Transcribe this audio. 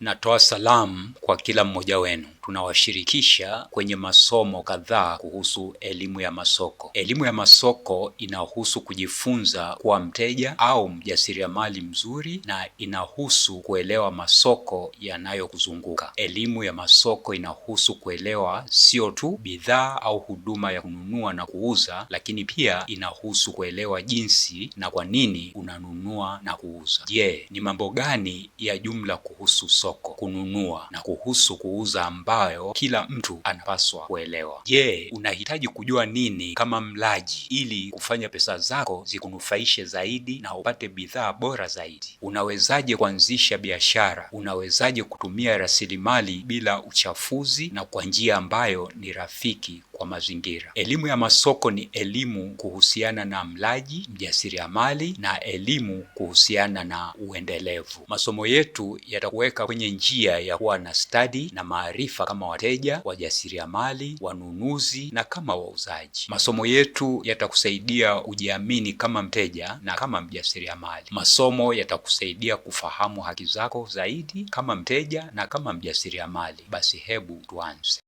Natoa salamu kwa kila mmoja wenu tunawashirikisha kwenye masomo kadhaa kuhusu elimu ya masoko. Elimu ya masoko inahusu kujifunza kuwa mteja au mjasiriamali mzuri na inahusu kuelewa masoko yanayokuzunguka. Elimu ya masoko inahusu kuelewa sio tu bidhaa au huduma ya kununua na kuuza, lakini pia inahusu kuelewa jinsi na kwa nini unanunua na kuuza. Je, ni mambo gani ya jumla kuhusu soko, kununua na kuhusu kuuza ambayo ambayo kila mtu anapaswa kuelewa. Je, unahitaji kujua nini kama mlaji ili kufanya pesa zako zikunufaishe zaidi na upate bidhaa bora zaidi? Unawezaje kuanzisha biashara? Unawezaje kutumia rasilimali bila uchafuzi na kwa njia ambayo ni rafiki kwa mazingira? Elimu ya masoko ni elimu kuhusiana na mlaji, mjasiriamali na elimu kuhusiana na uendelevu. Masomo yetu yatakuweka kwenye njia ya kuwa na stadi na maarifa kama wateja, wajasiriamali, wanunuzi na kama wauzaji. Masomo yetu yatakusaidia ujiamini kama mteja na kama mjasiriamali. Masomo yatakusaidia kufahamu haki zako zaidi kama mteja na kama mjasiriamali. Basi hebu tuanze.